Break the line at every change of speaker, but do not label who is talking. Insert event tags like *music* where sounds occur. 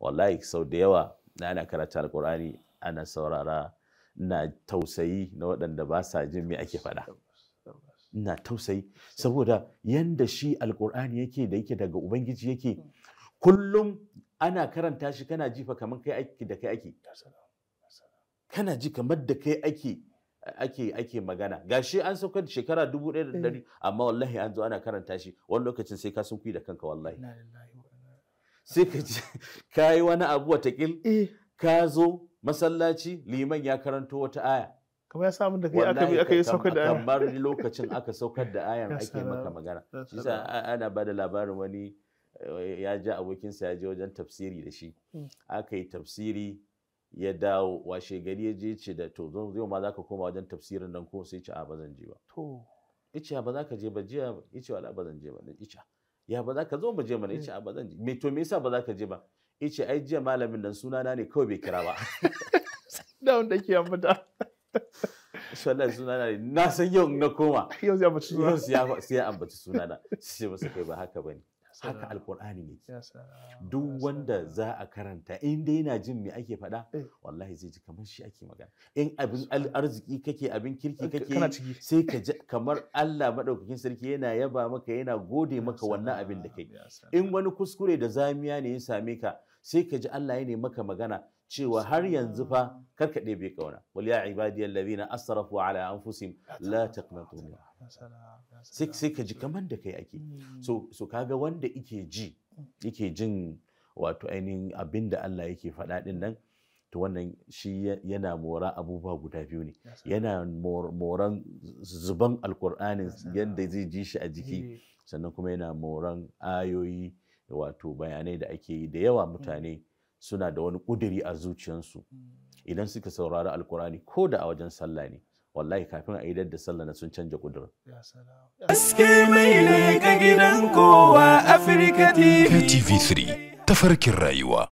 wallahi sau da yawa na ana karanta alkur'ani ana saurara na tausayi na waɗanda ba sa jin me ake faɗa na tausayi saboda yanda shi alkur'ani yake da yake daga ubangiji yake kullum ana karanta shi kana jifa kamar kai aiki da kai ake kana ji kamar da kai ake ake ake magana gashi an sauka da shekara dubu ɗaya da ɗari eh. amma wallahi an zo ana karanta shi wani lokacin sai ka sun da kanka wallahi sai ka ji *laughs* ka yi wani abu kil eh. ka zo masallaci liman ya karanto wata aya kamar ya samu da kai aka aka yi saukar da aya kamar lokacin aka saukar da ayan ake maka magana shi sa ana bada labarin wani eh, ya ja abokinsa ya je wajen tafsiri da shi hmm. aka yi tafsiri ya dawo washe gari ya je ce da to zan zo ma zaka koma wajen tafsirin nan ko sai ce a ba zan je ba to ice ba za ka je ba jiya ice wala ba zan je ba ice ya ba za ka zo mu je mana yace a ba zan je me to me yasa ba za ka je ba yace ai jiya malamin nan sunana ne kawai bai kira ba *laughs* da wanda ke ambata sallan sunana ne na san yau na koma yau ya ambaci sunana yau ya ambaci sunana sai masa kai ba haka bane haka alkur'ani yake duk wanda za a karanta in dai yana jin me ake faɗa eh. wallahi zai ji kamar shi ake magana in abin arziki kake abin kirki kake sai ka kamar Allah madaukakin sarki yana yaba maka yana gode maka wannan abin da kai in wani kuskure da zamiya ne ya same ka sai ka ji Allah ya ne maka magana cewa har yanzu fa karka ɗebe kauna wal ya ibadiyal ladina asrafu ala anfusihim la taqnatu min sai ka ji kaman da kai ake so ka ga wanda yake ji yake jin wato ainihin abin da Allah yake faɗa din nan to wannan shi yana mora abubuwa guda biyu ne yana moran zuban alkur'anin yadda zai ji shi a jiki sannan kuma yana moran ayoyi wato bayanai da ake yi da yawa mutane mm. suna da wani ƙuduri a zuciyarsu mm. idan suka saurari alkurani ko da a wajen sallah ne wallahi kafin a yi da sallah na sun canja ƙudurin. Aske mai leƙa gidan kowa Afirka TV. KTV3 tafarkin rayuwa.